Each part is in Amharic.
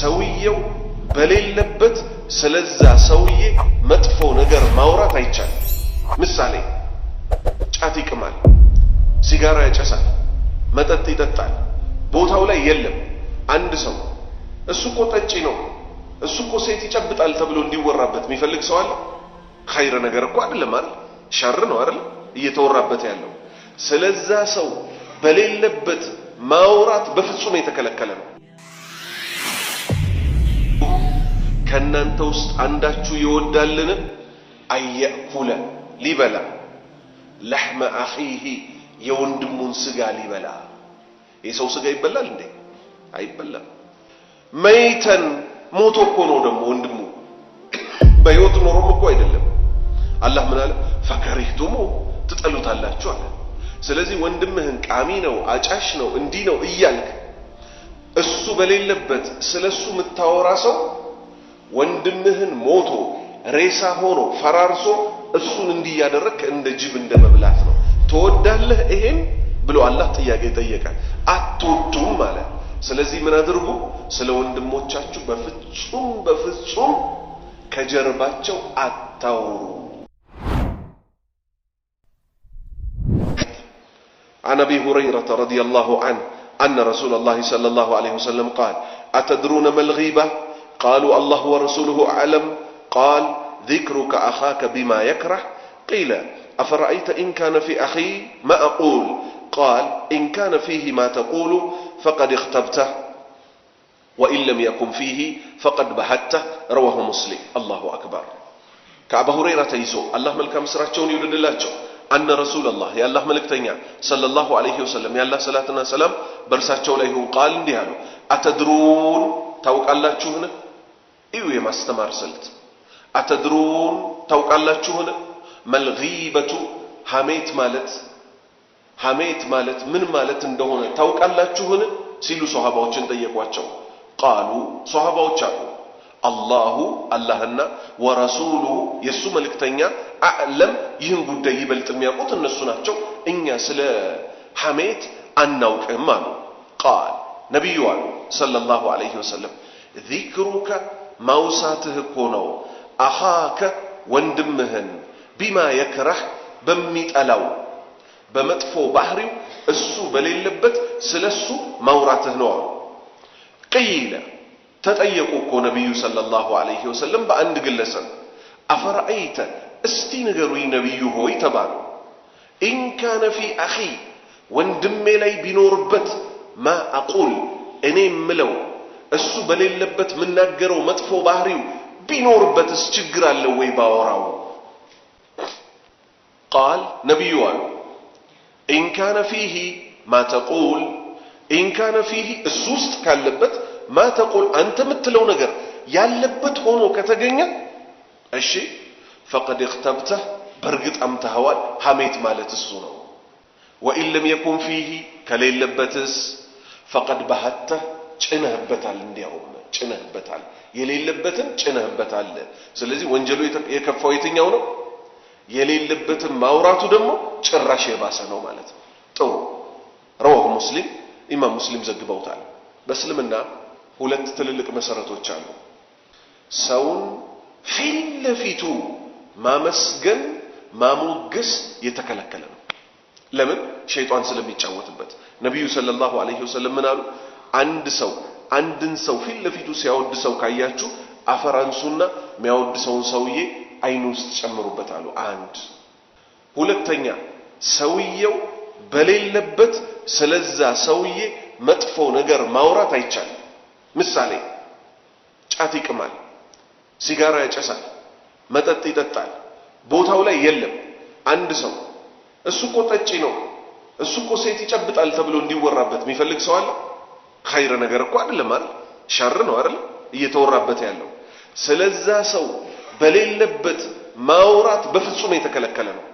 ሰውየው በሌለበት ስለዛ ሰውዬ መጥፎ ነገር ማውራት አይቻልም። ምሳሌ ጫት ይቅማል፣ ሲጋራ ያጨሳል፣ መጠጥ ይጠጣል። ቦታው ላይ የለም። አንድ ሰው እሱ እኮ ጠጪ ነው፣ እሱ እኮ ሴት ይጨብጣል ተብሎ እንዲወራበት የሚፈልግ ሰው አለ? ኸይር ነገር እኮ አይደለም አይደል? ሸር ነው አይደል? እየተወራበት ያለው ስለዛ ሰው በሌለበት ማውራት በፍጹም የተከለከለ ነው። ከእናንተ ውስጥ አንዳችሁ ይወዳልን አየእኩለ ሊበላ ለሕመ አኺሂ የወንድሙን ስጋ ሊበላ የሰው ስጋ ይበላል እንዴ? አይበላም። መይተን ሞቶ እኮ ነው ደግሞ ወንድሙ በሕይወት ኖሮም እኮ አይደለም። አላህ ምን አለ? ፈከሪህቱሙ ትጠሉታላችሁ አለ። ስለዚህ ወንድምህን ቃሚ ነው፣ አጫሽ ነው፣ እንዲህ ነው እያልክ እሱ በሌለበት ስለ እሱ የምታወራ ሰው ወንድምህን ሞቶ ሬሳ ሆኖ ፈራርሶ እሱን እንዲህ እንደ ጅብ እንደ መብላት ነው። ትወዳለህ ይሄን ብሎ አላህ ጥያቄ ጠየቀ። አትወዱም አለ። ስለዚህ ምን አድርጉ? ስለ ወንድሞቻችሁ በፍጹም በፍጹም ከጀርባቸው አታውሩ። عن ابي هريره رضي الله عنه ان رسول الله صلى الله عليه وسلم قال اتدرون ما الغيبه قالوا الله ورسوله أعلم قال ذكرك أخاك بما يكره قيل أفرأيت إن كان في أخي ما أقول قال إن كان فيه ما تقول فقد اختبته وإن لم يكن فيه فقد بهته رواه مسلم الله أكبر كعب هريرة يزو الله ملك مسرحون يرد الله أن رسول الله يا الله ملك تنيا صلى الله عليه وسلم يا الله صلاة وسلام برساتشو ليهون قال اندي أتدرون توقع الله ايوه يا استمر سلت اتدرون توقع الله ما الغيبة هميت مالت هميت مالت من مالت اندهون توقع الله تشوهن سيلو صحابة وچن دي قالوا صحابة وچاكو الله اللهن ورسوله يسو ملك تنيا أعلم يهن قد يبل تنميا قوت النسونا تشو إنيا سلا حميت أنوك إمانو قال نبي صلى الله عليه وسلم ذكرك ማውሳትህ እኮ ነው። አኻከ ወንድምህን ቢማ የክረህ በሚጠላው በመጥፎ ባህሪው እሱ በሌለበት ስለ እሱ ማውራትህ ነው አሉ። ቅይለ ተጠየቁ እኮ ነቢዩ ሰለላሁ ዐለይሂ ወሰለም በአንድ ግለሰብ አፈረአይተ እስቲ ንገሩኝ ነቢዩ ሆይ ተባሉ። ኢንካነ ፊ አኺ ወንድሜ ላይ ቢኖርበት ማ አቁል እኔ ምለው እሱ በሌለበት የምናገረው መጥፎ ባህሪው ቢኖርበትስ ችግር አለው ወይ ባወራው ቃል ነቢዩ አሉ ኢን ካነ ፊሂ ማ ተቁል ኢን ካነ ፊሂ እሱ ውስጥ ካለበት ማ ተቁል አንተ የምትለው ነገር ያለበት ሆኖ ከተገኘ እሺ ፈቀድ እክተብተህ በእርግጥ አምተኸዋል ሐሜት ማለት እሱ ነው ወኢን ለም የኩን ፊሂ ከሌለበትስ ፈቀድ ባህተህ ጭነህበታል፣ እንዲያውም ጭነህበታል፣ የሌለበትን ጭነህበታል። ስለዚህ ወንጀሉ የከፋው የትኛው ነው? የሌለበትን ማውራቱ ደግሞ ጭራሽ የባሰ ነው ማለት ነው። ጥሩ ረዋሁ ሙስሊም ኢማም ሙስሊም ዘግበውታል። በእስልምና ሁለት ትልልቅ መሰረቶች አሉ። ሰውን ፊት ለፊቱ ማመስገን ማሞገስ የተከለከለ ነው። ለምን? ሸይጣን ስለሚጫወትበት። ነቢዩ ሰለላሁ ዐለይሂ ወሰለም ምን አሉ? አንድ ሰው አንድን ሰው ፊት ለፊቱ ሲያወድ ሰው ካያችሁ አፈራንሱና አንሱና የሚያወድ ሰውን ሰውዬ አይኑ ውስጥ ጨምሩበት አሉ። አንድ ሁለተኛ ሰውየው በሌለበት ስለዛ ሰውዬ መጥፎ ነገር ማውራት አይቻልም። ምሳሌ ጫት ይቅማል፣ ሲጋራ ያጨሳል፣ መጠጥ ይጠጣል። ቦታው ላይ የለም። አንድ ሰው እሱ እኮ ጠጪ ነው፣ እሱ እኮ ሴት ይጨብጣል ተብሎ እንዲወራበት የሚፈልግ ሰው አለ? ኸይር ነገር እኮ አይደለም አይደል? ሸር ነው አይደል? እየተወራበት ያለው ስለዛ ሰው በሌለበት ማውራት በፍጹም የተከለከለ ነው።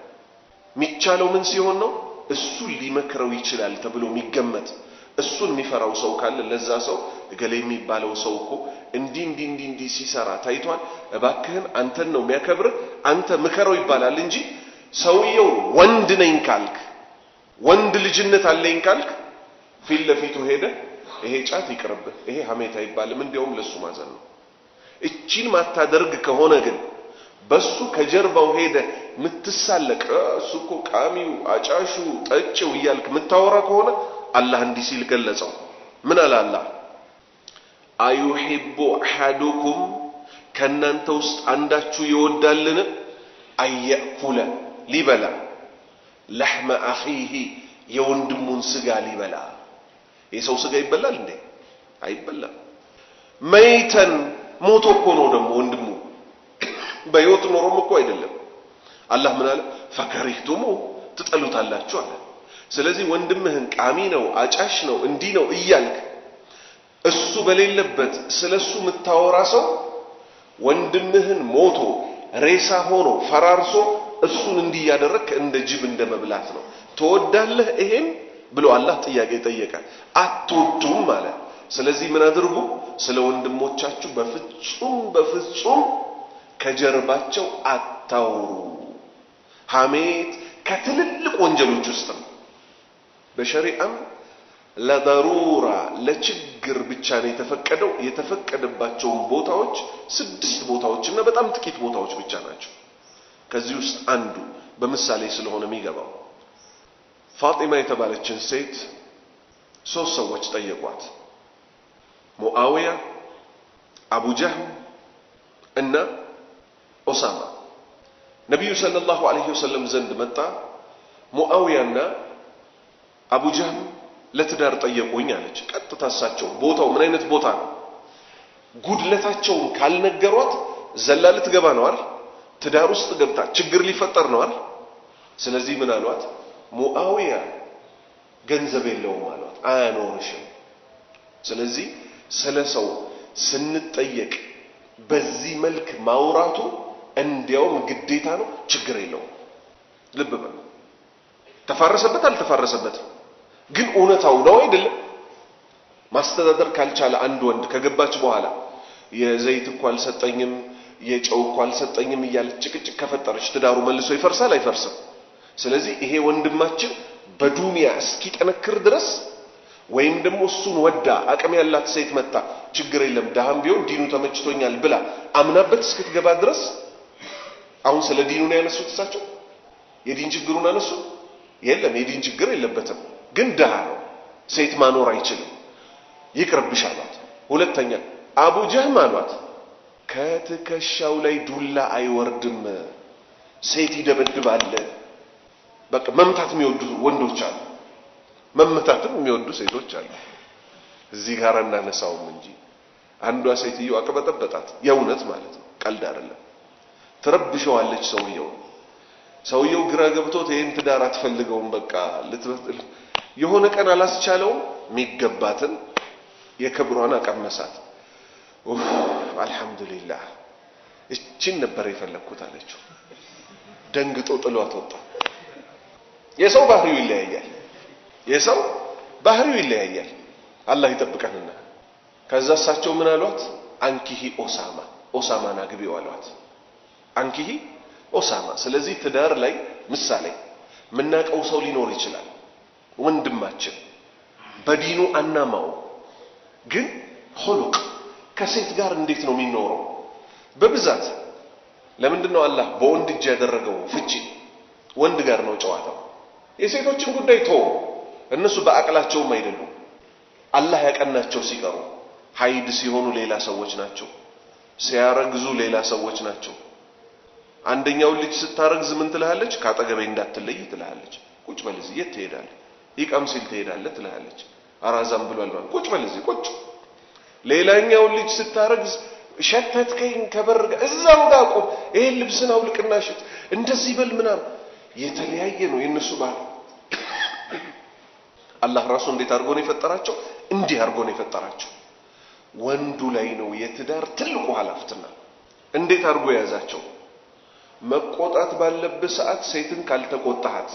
የሚቻለው ምን ሲሆን ነው? እሱ ሊመክረው ይችላል ተብሎ የሚገመት እሱን የሚፈራው ሰው ካለ ለዛ ሰው እገሌ የሚባለው ሰው እኮ እንዲህ እንዲህ እንዲህ እንዲህ ሲሰራ ታይቷል፣ እባክህን አንተን ነው የሚያከብርህ፣ አንተ ምከረው ይባላል እንጂ ሰውየው ወንድ ነኝ ካልክ ወንድ ልጅነት አለኝ ካልክ ፊት ለፊቱ ሄደ ይሄ ጫት ይቅርብህ፣ ይሄ ሀሜት አይባልም፣ እንዲያውም ለሱ ማዘን ነው። እቺን ማታደርግ ከሆነ ግን በሱ ከጀርባው ሄደ ምትሳለቅ እሱ እኮ ቃሚው፣ አጫሹ፣ ጠጭው እያልክ ምታወራ ከሆነ አላህ እንዲህ ሲል ገለጸው። ምን አለ አላህ? አዩሂቡ አሐዱኩም ከእናንተ ውስጥ አንዳችሁ ይወዳልን? አየእኩለ ሊበላ ለሕመ አኺሂ የወንድሙን ስጋ ሊበላ የሰው ስጋ ይበላል እንዴ? አይበላም። መይተን ሞቶ እኮ ነው ደግሞ ወንድሙ፣ በህይወት ኖሮም እኮ አይደለም። አላህ ምን አለ? ፈከሪህቱሙ ትጠሉታላችሁ አለ። ስለዚህ ወንድምህን ቃሚ ነው፣ አጫሽ ነው፣ እንዲህ ነው እያልክ እሱ በሌለበት ስለሱ የምታወራ ሰው ወንድምህን ሞቶ ሬሳ ሆኖ ፈራርሶ እሱን እንዲህ እንደ ጅብ እንደ መብላት ነው። ትወዳለህ ይሄን ብሎ አላህ ጥያቄ ጠየቀ። አትወዱም አለ። ስለዚህ ምን አድርጉ? ስለ ወንድሞቻችሁ በፍጹም በፍጹም ከጀርባቸው አታውሩ። ሐሜት ከትልልቅ ወንጀሎች ውስጥ ነው። በሸሪዓም ለደሩራ ለችግር ብቻ ነው የተፈቀደው። የተፈቀደባቸውን ቦታዎች ስድስት ቦታዎች እና በጣም ጥቂት ቦታዎች ብቻ ናቸው። ከዚህ ውስጥ አንዱ በምሳሌ ስለሆነ የሚገባው ፋጢማ የተባለችን ሴት ሶስት ሰዎች ጠየቋት። ሙአዊያ፣ አቡ እና ኦሳማ። ነቢዩ ሰለላሁ ዐለይሂ ወሰለም ዘንድ መጣ። ሙአውያና አቡ ለትዳር ጠየቁኝ አለች። ቀጥታ እሳቸው ቦታው ምን አይነት ቦታ ነው? ጉድለታቸውን ካልነገሯት ዘላ ልትገባ ነው አይደል? ትዳር ውስጥ ገብታ ችግር ሊፈጠር ነው አይደል? ስለዚህ ምን አሏት? ሙአዊያ ገንዘብ የለውም አሏት፣ አያኖርሽም። ስለዚህ ስለ ሰው ስንጠየቅ በዚህ መልክ ማውራቱ እንዲያውም ግዴታ ነው፣ ችግር የለውም። ልብ በል። ተፋረሰበት አልተፋረሰበትም፣ ግን እውነታው ነው አይደለም። ማስተዳደር ካልቻለ አንድ ወንድ ከገባች በኋላ የዘይት እኮ አልሰጠኝም፣ የጨው እኮ አልሰጠኝም እያለች ጭቅጭቅ ከፈጠረች ትዳሩ መልሶ ይፈርሳል አይፈርስም? ስለዚህ ይሄ ወንድማችን በዱንያ እስኪጠነክር ድረስ ወይም ደግሞ እሱን ወዳ አቅም ያላት ሴት መጣ ችግር የለም ዳህም ቢሆን ዲኑ ተመችቶኛል ብላ አምናበት እስክትገባ ድረስ አሁን ስለ ዲኑ ነው ያነሱት። እሳቸው የዲን ችግሩን አነሱ? የለም የዲን ችግር የለበትም፣ ግን ድሃ ነው፣ ሴት ማኖር አይችልም፣ ይቅርብሽ አሏት። ሁለተኛ አቡ ጀህም አሏት ከትከሻው ላይ ዱላ አይወርድም፣ ሴት ይደበድባል። በቃ መምታት የሚወዱ ወንዶች አሉ፣ መምታትም የሚወዱ ሴቶች አሉ። እዚህ ጋር እናነሳውም እንጂ አንዷ ሴትዮ አቅበጠበጣት። የእውነት ማለት ነው፣ ቀልድ አይደለም። ትረብሸዋለች ሰውየው ሰውየው ግራ ገብቶት ይሄን ትዳር አትፈልገውም። በቃ ልትበትል የሆነ ቀን አላስቻለውም። የሚገባትን የክብሯን አቀመሳት። አልሐምዱሊላህ እችን ነበር የፈለግኩት አለችው። ደንግጦ ጥሏት ወጣ። የሰው ባህሪው ይለያያል። የሰው ባህሪው ይለያያል። አላህ ይጠብቀንና ከዛ እሳቸው ምን አሏት? አንኪሂ ኦሳማ ኦሳማን አግቢው አሏት። አንኪሂ ኦሳማ። ስለዚህ ትዳር ላይ ምሳሌ ምናቀው ሰው ሊኖር ይችላል። ወንድማችን በዲኑ አናማው ግን ሆሉቅ ከሴት ጋር እንዴት ነው የሚኖረው? በብዛት ለምንድን ነው አላህ በወንድ እጅ ያደረገው ፍቺ? ወንድ ጋር ነው ጨዋታው። የሴቶችን ጉዳይ ተው፣ እነሱ በአቅላቸውም አይደሉም። አላህ ያቀናቸው ሲቀሩ ሀይድ ሲሆኑ ሌላ ሰዎች ናቸው። ሲያረግዙ ሌላ ሰዎች ናቸው። አንደኛውን ልጅ ስታረግዝ ምን ትልሃለች? ከአጠገቤ እንዳትለይ ትልሃለች። ቁጭ በል እዚህ። የት ትሄዳለህ? ይቀም ሲል ትሄዳለህ ትልሃለች። አራዛም ብሏል ማለት ቁጭ በል እዚህ ቁጭ። ሌላኛውን ልጅ ስታረግዝ ሸተትከኝ ከበር ጋር እዛው ጋር ቁም፣ ይሄን ልብስን አውልቅና ሽት፣ እንደዚህ በል ምናምን የተለያየ ነው የእነሱ ባህል። አላህ ራሱ እንዴት አድርጎ ነው የፈጠራቸው? እንዲህ አድርጎ ነው የፈጠራቸው። ወንዱ ላይ ነው የትዳር ትልቁ ኃላፊትና እንዴት አድርጎ የያዛቸው መቆጣት ባለብህ ሰዓት ሴትን ካልተቆጣሃት፣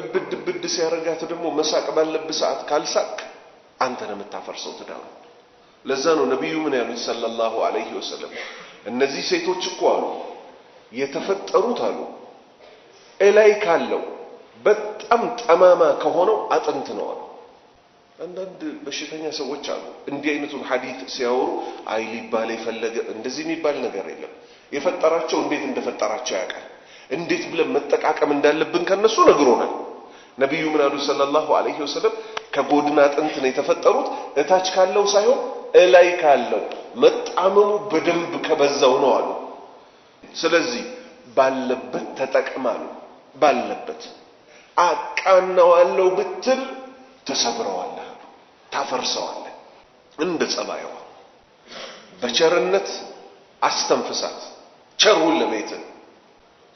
እብድ ብድ ሲያረጋት ደግሞ መሳቅ ባለብህ ሰዓት ካልሳቅ አንተ ነው የምታፈርሰው ትዳሩ። ለዛ ነው ነቢዩ ምን ያሉት ሰለላሁ ዐለይሂ ወሰለም እነዚህ ሴቶች እኮ አሉ የተፈጠሩት አሉ እላይ ካለው በጣም ጠማማ ከሆነው አጥንት ነው አሉ። አንዳንድ በሽተኛ ሰዎች አሉ። እንዲህ አይነቱን ሐዲት ሲያወሩ አይ ሊባል የፈለገ እንደዚህ የሚባል ነገር የለም። የፈጠራቸው እንዴት እንደፈጠራቸው ያውቃል። እንዴት ብለን መጠቃቀም እንዳለብን ከነሱ ነግሮናል። ነቢዩ ምን አሉ ሰለላሁ ዐለይሂ ወሰለም ከጎድን አጥንት ነው የተፈጠሩት፣ እታች ካለው ሳይሆን እላይ ካለው መጣመሙ በደንብ ከበዛው ነው አሉ። ስለዚህ ባለበት ተጠቅማሉ። ባለበት አቃናዋለው ብትል ተሰብረዋለህ፣ ታፈርሰዋለህ። እንደ ጸባይዋ በቸርነት አስተንፍሳት፣ ቸርሁን ለቤትህ።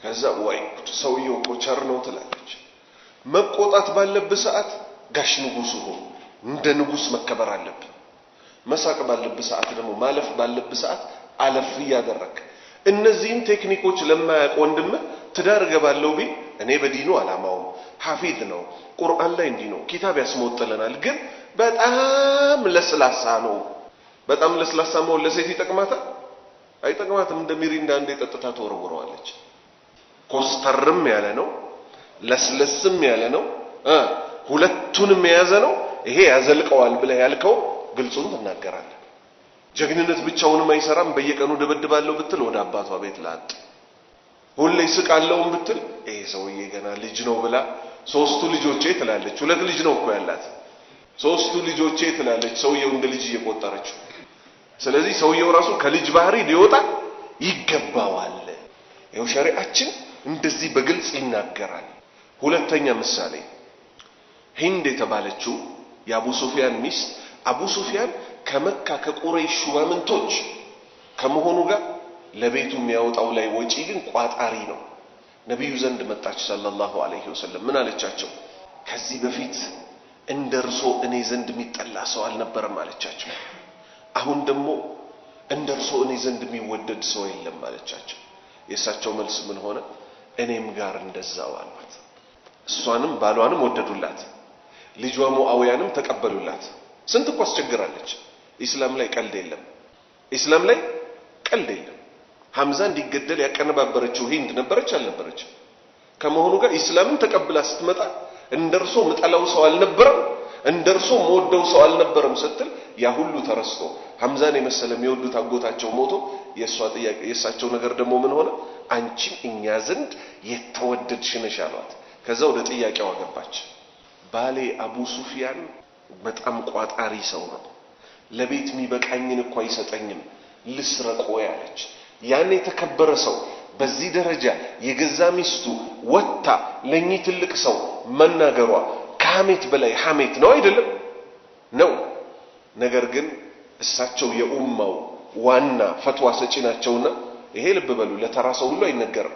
ከዛ ወይ ሰውየው እኮ ቸር ነው ትላለች። መቆጣት ባለብህ ሰዓት ጋሽ ንጉሱ ሆን እንደ ንጉስ መከበር አለብህ። መሳቅ ባለብህ ሰዓት ደግሞ ማለፍ ባለብህ ሰዓት አለፍ እያደረግ እነዚህን ቴክኒኮች ለማያውቅ ወንድምህ ትዳር እገባለሁ ቢል እኔ በዲኑ አላማውም ሐፊዝ ነው፣ ቁርአን ላይ እንዲህ ነው፣ ኪታብ ያስመወጥለናል፣ ግን በጣም ለስላሳ ነው። በጣም ለስላሳ መሆን ለሴት ይጠቅማታል? አይጠቅማትም። እንደ ሚሪንዳ አንዴ ጠጥታ ተወርውረዋለች። ኮስተርም ያለ ነው፣ ለስለስም ያለ ነው፣ ሁለቱንም የያዘ ነው። ይሄ ያዘልቀዋል ብለህ ያልከው ግልጹን ትናገራለህ። ጀግንነት ብቻውንም አይሰራም። በየቀኑ ደበድባለሁ ብትል ወደ አባቷ ቤት ላጥ። ሁሌ ስቃለሁም ብትል ይሄ ሰውዬ ገና ልጅ ነው ብላ ሶስቱ ልጆቼ ትላለች። ሁለት ልጅ ነው እኮ ያላት። ሶስቱ ልጆቼ ትላለች፣ ሰውየው እንደ ልጅ እየቆጠረችው። ስለዚህ ሰውየው ራሱ ከልጅ ባህሪ ሊወጣ ይገባዋል። ይኸው ሸሪዓችን እንደዚህ በግልጽ ይናገራል። ሁለተኛ ምሳሌ ሂንድ የተባለችው የአቡ ሱፊያን ሚስት አቡ ሱፊያን ከመካ ከቁረይሽ ሹማምንቶች ከመሆኑ ጋር ለቤቱ የሚያወጣው ላይ ወጪ ግን ቋጣሪ ነው። ነቢዩ ዘንድ መጣች ሰለላሁ ዐለይሂ ወሰለም። ምን አለቻቸው? ከዚህ በፊት እንደ እርሶ እኔ ዘንድ የሚጠላ ሰው አልነበረም አለቻቸው። አሁን ደግሞ እንደ እርሶ እኔ ዘንድ የሚወደድ ሰው የለም አለቻቸው። የእሳቸው መልስ ምን ሆነ? እኔም ጋር እንደዛው አሏት። እሷንም ባሏንም ወደዱላት፣ ልጇ ሙአውያንም ተቀበሉላት። ስንት እኮ አስቸግራለች። ኢስላም ላይ ቀልድ የለም። ኢስላም ላይ ቀልድ የለም። ሐምዛ እንዲገደል ያቀነባበረችው ሂንድ ነበረች አልነበረች? ከመሆኑ ጋር ኢስላምን ተቀብላ ስትመጣ እንደርሶ ምጠላው ሰው አልነበረም፣ እንደርሶ መወደው ሰው አልነበረም ስትል ያ ሁሉ ተረስቶ ሐምዛን የመሰለ የሚወዱት አጎታቸው ሞቶ የእሷ ጥያቄ የእሳቸው ነገር ደግሞ ምን ሆነ? አንቺም እኛ ዘንድ የተወደድሽ ነሽ አሏት። ከዛ ወደ ጥያቄው ገባች ባሌ አቡ ሱፊያን በጣም ቋጣሪ ሰው ነው ለቤት የሚበቃኝን እኮ አይሰጠኝም ልስረቆ ያለች ያን የተከበረ ሰው በዚህ ደረጃ የገዛ ሚስቱ ወታ ለእኚህ ትልቅ ሰው መናገሯ ከሐሜት በላይ ሐሜት ነው አይደለም? ነው። ነገር ግን እሳቸው የኡማው ዋና ፈትዋ ሰጪ ናቸውና ይሄ ልብ በሉ፣ ለተራ ሰው ሁሉ አይነገርም።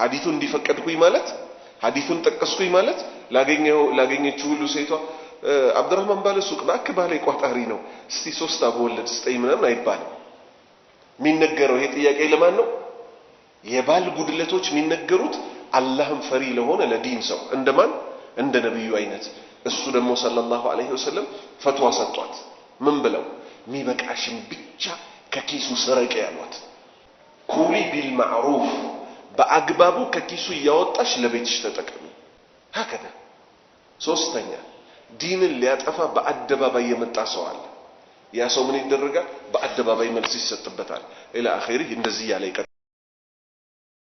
ሐዲቱን እንዲፈቀድኩኝ ማለት ሐዲቱን ጠቀስኩኝ ማለት ላገኘችው ሁሉ ሴቷ አብዱራህማን ባለ ሱቅ ላክ ባለ ቋጣሪ ነው፣ እስቲ ሶስት አበወለድ ስጠኝ ምናምን አይባልም። የሚነገረው ይሄ ጥያቄ ለማን ነው? የባል ጉድለቶች የሚነገሩት አላህም ፈሪ ለሆነ ለዲን ሰው እንደማን እንደ ነብዩ አይነት። እሱ ደግሞ ሰለላሁ ዐለይሂ ወሰለም ፈትዋ ሰጧት። ምን ብለው ሚበቃሽን ብቻ ከኪሱ ስረቂ ያሏት። ኩሊ ቢል ማዕሩፍ በአግባቡ ከኪሱ እያወጣሽ ለቤትሽ ተጠቀሚ። ሀከዳ ሶስተኛ ዲንን ሊያጠፋ በአደባባይ የመጣ ሰው አለ። ያ ሰው ምን ይደረጋል? በአደባባይ መልስ ይሰጥበታል። ኢላ አኺሪህ እንደዚህ እያለ ይቀጥላል።